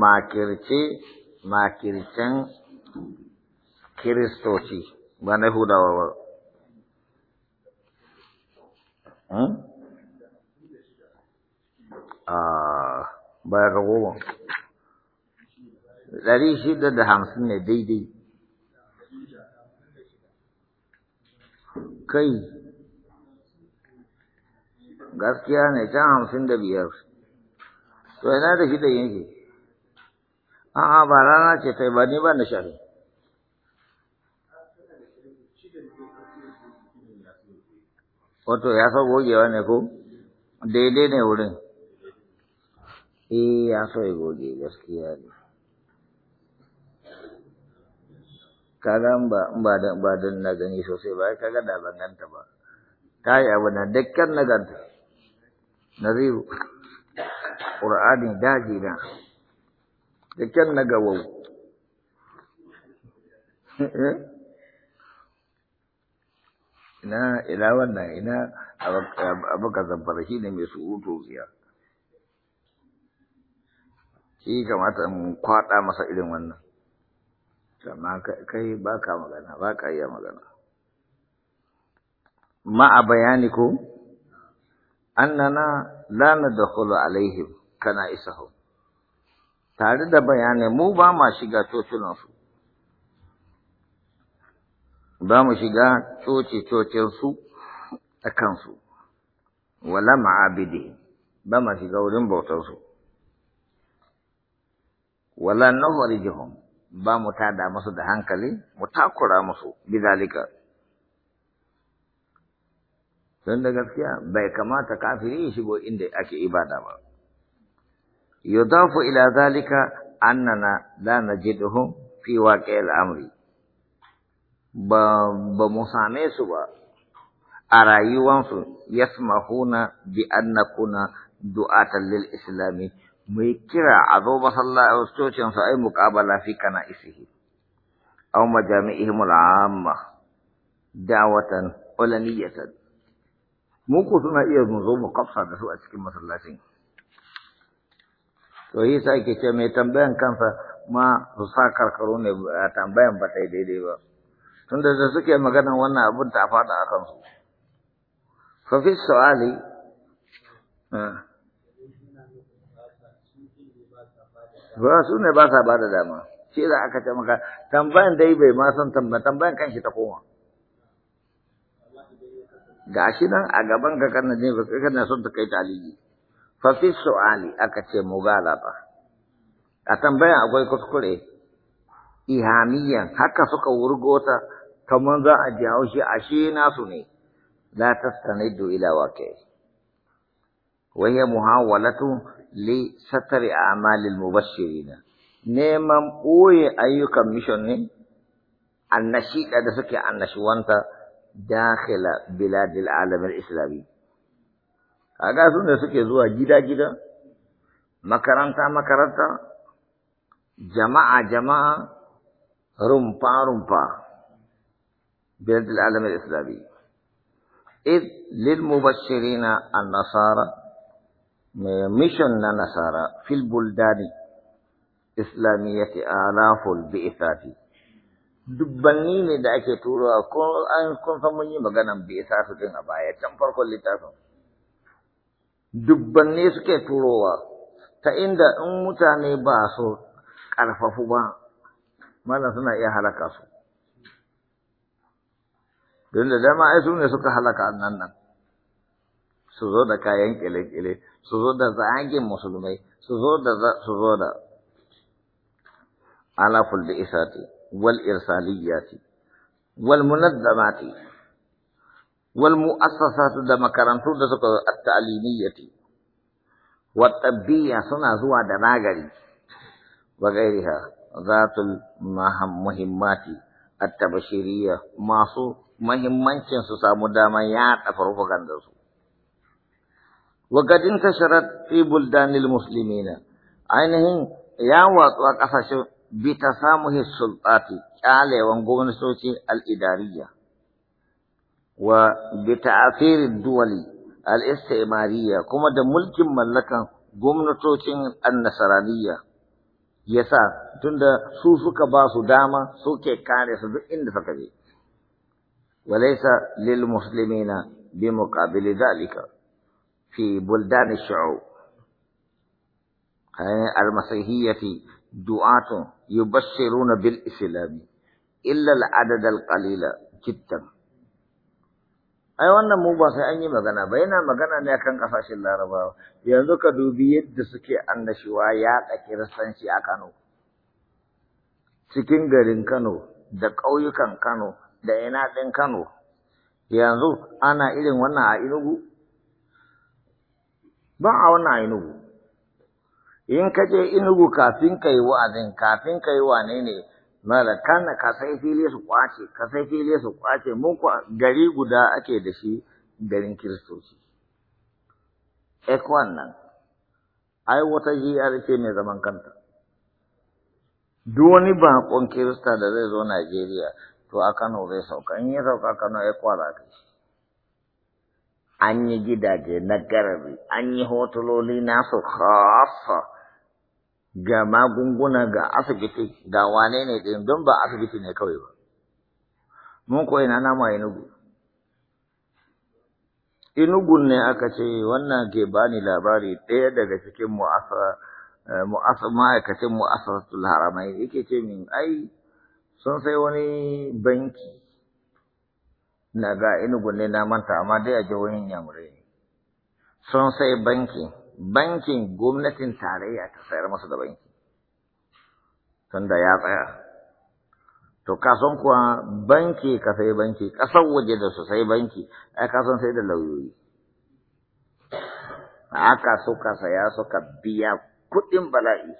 makirce makircen kiristoci ba na hmm? hudawa ba ba ga goma ɗari shida da hamsin ne daidai kai gaskiya ne can hamsin da biyar to yana da shi da yanke a'a ba rana ce kai ba ni ba na shafi wato ya so gogewa ne ko daidai ne wurin eh ya so ya goge gaskiya ne kaga ba ba da na gani sosai ba kaga da ban ganta ba ta yi abu na dukkan na ganta naziru ƙur'ani daji na da kyan na gawau ina ina wannan ina abaka zabbar shi ne mai surutu biya. shi kamata mu kwaɗa masa irin wannan amma kai ba ka magana ba ka iya magana ma a bayani ko annana da nadkhulu alaihim kana isahu tare da bayanai mu ba ma shiga cocinansu ba mu shiga coci-cocinsu a kansu wala ma'abidi ba ma shiga wurin bautarsu wala nahu ba mu tada musu da hankali mu takura musu bizalika don da gaskiya bai kamata kafiri ya shigo inda ake ibada ba yudafu ila zalika annana la najiduhum fi waqi'il amri ba ba musame su ba a rayuwansu yasmahuna bi annakuna du'atan lil islami mai kira a zo masallacin su ai muqabala fi kana isihi aw majami'ihim al'amma da'watan ulaniyatan muku suna iya zunzo mu kafsa da su a cikin masallacin to yi sa ake ce mai tambayan kansa ma su sa karkaro ne a tambayan ba ta yi daidai ba tunda da suke magana wannan abin ta fada a kansu fa fi su'ali eh, ba su ne ba sa ba da dama shi za aka ce maka tambayan dai bai ma san tambayan kanshi ta koma ga shi nan a gaban ka kana ne ba kai kana son ta kai taliji fa fi aka ce mugalaba a tambaya akwai kuskure ihamiyan haka suka wurgota ta manzo a jawo shi a shi nasu ne la tastanidu ila wake wa hiya muhawalatu li satri a'malil mubashirin neman ɓoye ayyukan mission ne annashi da suke annashuwanta داخل بلاد العالم الإسلامي هذا سنة سكي زوا جدا جدا مكرانتا مكرانتا جماعة جماعة رمبا رمبا بلاد العالم الإسلامي إذ للمبشرين النصارى مشن النصارى في البلدان الإسلامية آلاف البعثات dubbanni ne da ake turowa ko an kun san mun yi maganan bai sa su din a baya can farkon littafin dubbanni suke turowa ta inda in mutane ba su karfafu ba mana suna iya halaka su don da dama ai su ne suka halaka annan nan su zo da kayan kile-kile su zo da zagin musulmai su zo da su zo da ala isati والإرساليات والمنظمات والمؤسسات دا مكرنتو دا التعليمية والطبية سنة زوا دناغري وغيرها ذات المهمات التبشيرية ماسو مهمانشن سامو داما يات فروفغاندسو وقد انتشرت في بلدان المسلمين عينهم يا واتوا قفشوا bi tasamuhi sultati kyalewan gwamnatoci al'idariya wa bi ta'asirin duwali al'istimariya kuma da mulkin mallakan gwamnatocin annasaraniya yasa tunda su suka ba su dama suke kare su duk inda suka je walaisa lil muslimina bi muqabili dalika fi buldan ash-shu'ub al du'atun يبشرون بالإسلام إلا العدد القليل جدا ai wannan mu ba sai an yi magana ba yana magana ne akan kasashen larabawa yanzu ka dubi yadda suke annashuwa ya tsaki a kano cikin garin kano da ƙauyukan kano da ina ɗin kano yanzu ana irin wannan a inugu ba a wannan a inugu in ka je inugu kafin ka yi wa'azin kafin ka yi wane ne malakan ka sai fili su kwace ka sai fili su kwace mun gari guda ake da shi garin kiristoci ekwan nan ai wata jiyar ce mai zaman kanta duk wani bakon kirista da zai zo Najeriya to a Kano zai sauka in ya sauka Kano ya kwara shi an yi gidaje na garabi an yi hotuloli nasu khassa ga magunguna ga asibiti ga wane ne ɗin don ba asibiti ne kawai ba. Mun koyi na nama inugu. Inugun ne aka ce wannan ke bani labari ɗaya daga cikin mu'asa eh, ma'aikacin mu'asasatul haramai yake ce min ai sun sai wani banki na ga inugun ne na manta amma dai a jihohin yamurai sun sai banki bankin gwamnatin tarayya ta sayar masa da banki tunda ya tsaya to ka san kuwa banki ka sai banki ƙasar waje da su sai banki ai san sai da lauyoyi haka suka saya suka biya kuɗin bala'i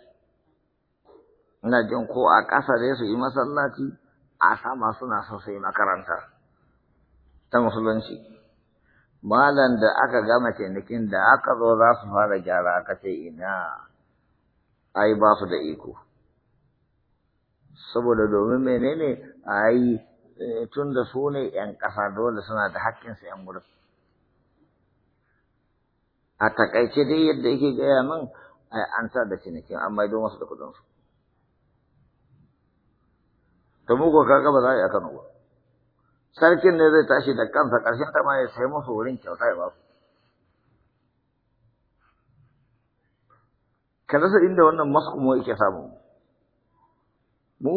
ina jin ko a ƙasa dai su yi masallaci a sama suna so su makaranta ta musulunci malam da aka gama cinikin da aka zo za su fara gyara aka ce ina ai ba su da iko saboda domin menene ai eh, tun da su ne 'yan ƙasa dole suna da haƙƙinsu 'yan wurin a takaice dai yadda yake gaya min an sa da cinikin an maido masu da kudinsu ta muku kaga ba za a yi a kano ba sarkin ne zai tashi da kansa ƙarshen ta ma ya sai musu wurin kyauta ya ba su ka inda wannan maskumo yake samu mu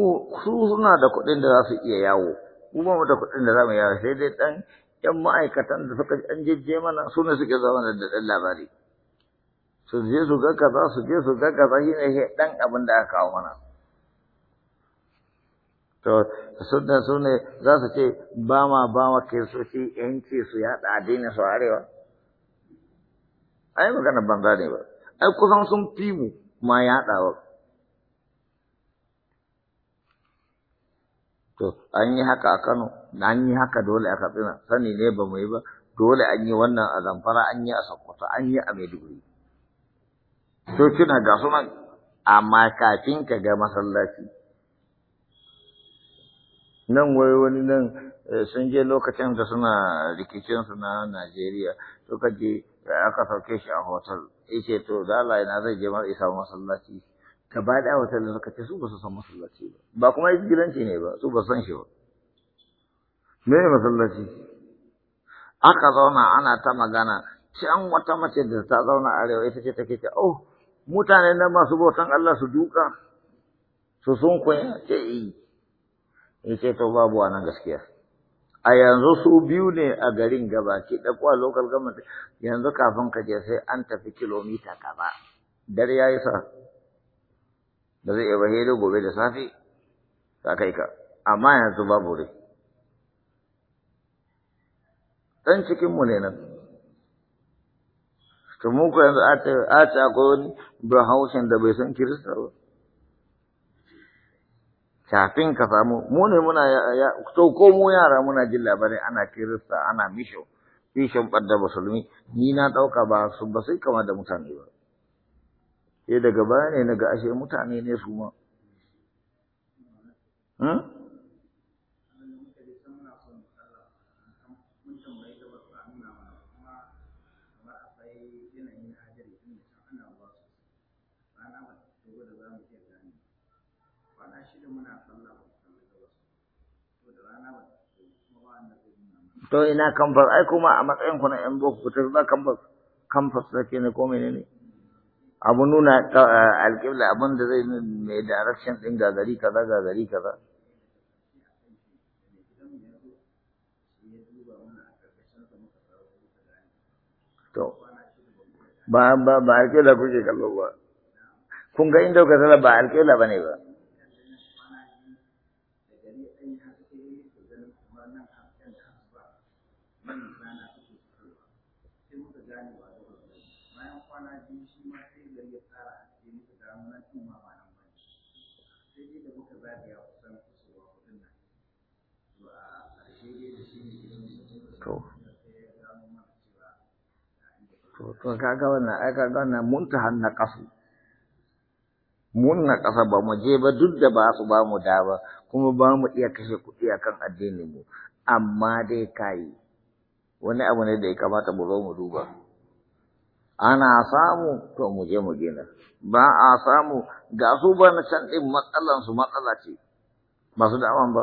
su suna da kuɗin da za su iya yawo mu ba mu da kuɗin da za mu yawo sai dai ɗan ƴan ma'aikatan da suka ɗan jejje mana su ne suke zama da ɗan labari su je su ga kaza su je su ga kaza shi ne ɗan abin da aka kawo mana To, sunna su ne za su ce ba ma ba ma kiristoci ‘yanci su yaɗa addini su arewa. Ai, magana banza ne ba. Ai, kusan sun fi mu ma yaɗawa. To, an yi haka a Kano, an yi haka dole a Katsina, sani ne ba mu yi ba, dole an yi wannan a Zamfara, an yi a Sokoto, an yi a Maiduguri. To, kina ga nan amma kafin ka ga masallaci. nan wai wani nan eh, sun je lokacin da suna rikicinsu na Najeriya suka je aka sauke shi a hotel yace to da Allah ina zai je mar isa masallaci Ka ba da hotel suka ce su ba su san masallaci ba ba kuma gidanci ne ba su ba san shi ba me masallaci aka zauna ana ta magana can wata mace da ta zauna arewa ita ce take ce oh mutane nan masu bautan Allah su duka su sun koya ce eh ya ce to babu wannan gaskiya a yanzu su biyu ne a garin gabaki da kwa local government yanzu kafin ka je sai an tafi kilomita kaza dare yayi sa da zai yaba hede gobe da safe ka kai ka amma yanzu babu ne. dan cikin mu ne nan to mu ko yanzu a ce akwai wani bahaushen da bai san kirista ba kafin ka samu mu ne muna ya to ko mu yara muna jin labarai ana kirista ana misho mishon ɓadda musulmi ni na ɗauka ba su ba sai kama da mutane ba sai daga baya ne na ga ashe mutane ne su ma hmm? To ina kamfas ai kuma a matsayin ku na ƴan boko ku tafi ba kamfas kamfas ke ne ko menene? Abu nuna alƙibla abin da zai mai direction ɗin gagari kaza gagari kaza. To, ba ba ba alƙibla kuke kallo ba. Kun ga inda kuka sallah ba alƙibla ba ne ba. da bayan kwana biyu shi ma sai gari ya tsara a cikin cin ma ba nan ba ne sai dai da muka kusan kusurwa kudin nan to a ƙarshe dai da shi ne to to to kaga wannan ai kaga wannan kasu mun na ƙasa ba mu je ba duk da ba su ba mu da ba kuma ba mu iya kashe kuɗi a kan addinin mu amma dai kayi wani abu ne da ya kamata mu zo mu duba ana samu to mu je mu gina ba a samu ga su ba na can ɗin su matsala ce ba su da'awan ba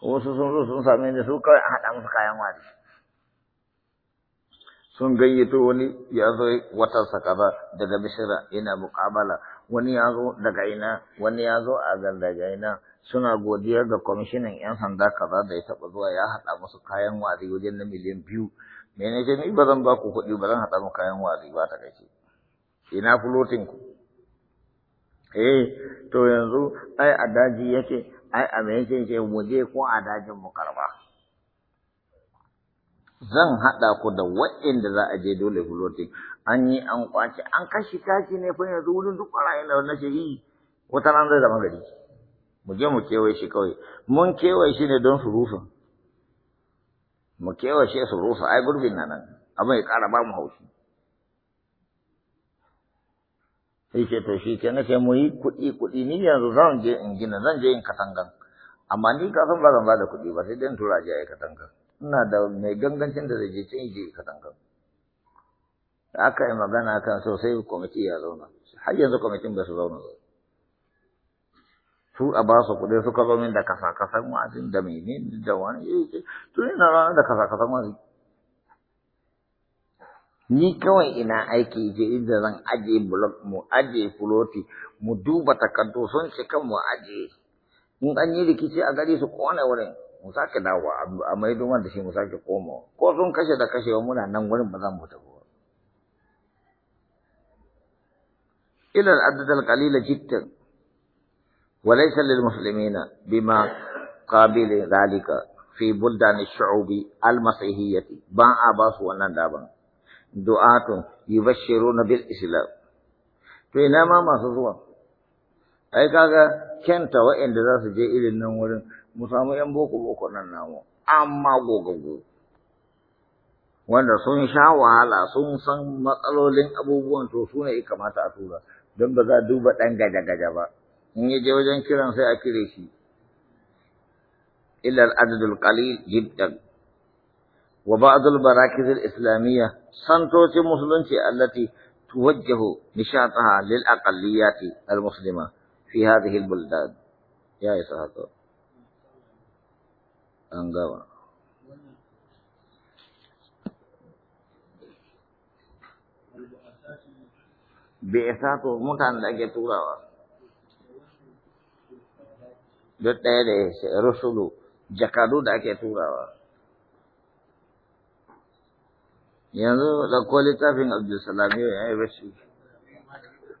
wasu sun zo sun same ni su kawai a haɗa musu kayan wari sun gayyato wani ya zo watarsa kaza daga bishira ina muƙabala wani ya zo daga ina wani ya zo a daga ina suna godiya ga kwamishinan 'yan sanda kaza da ya taɓa zuwa ya haɗa musu kayan wari wajen na miliyan biyu mene ce ni ba zan ba ku kuɗi ba zan haɗa mu kayan watsi ba ta kai ina fulotin ku eh to yanzu ai a yake ai a me yake ce mu je ko a mu karba zan haɗa ku da wa'inda za a je dole fulotin an yi an kwace an kashi tashi ne fa yanzu wurin duk ɓarayin da na ce wata ran zai zama gari mu je mu kewaye shi kawai mun kewaye mu kewace su rusa ai gurbin nan nan amma ya kara ba mu haushi sai ke to shi kenan sai mu yi kuɗi kuɗi ni yanzu zan je in gina zan je in katangan amma ni ka san ba zan ba da kuɗi ba sai dan tura je ai katangan ina da mai gangancin da zai je can je katangan da aka yi magana kan so sai kwamiti ya zauna har yanzu kwamitin ba su zauna ba su a ba su kuɗi suka zo min da kasa-kasan wa'azin da menene da wani ce eh, eh, to ina rana da kasa-kasan wa'azin ni kawai ina aiki je inda zan aje blog mu aje fuloti mu duba takardu sun ce kan mu aje in an yi rikici a gari su kone wurin mu sake dawo a maido wanda shi mu sake koma ko sun kashe da wa muna nan wurin ba zan mu tafi ba ilal adadal qalila jittan وليس للمسلمين بما قابل ذلك في بلدان الشعوب المسيحية بان أباس ونندابا دعاة يبشرون بالإسلام في فإنما ما سوى أي كاغا كنت وإن دراسة جئل النمور مسامو ينبوكو بوكو ننامو أما بوكو بوكو wanda sun sha wahala sun san matsalolin abubuwan to su ne kamata a tura don ba za a duba ɗan gaja-gaja ba نيجي جوجن كلام في أكل شيء إلا العدد القليل جدا وبعض المراكز الإسلامية سنتوت مسلمة التي توجه نشاطها للأقليات المسلمة في هذه البلدان يا إسحاق أنقوا بإثاثه متعن لأجي تورا duk ɗaya da rusulu jakadu da ake turawa yanzu da ko littafin abdulsalam ya yi rashi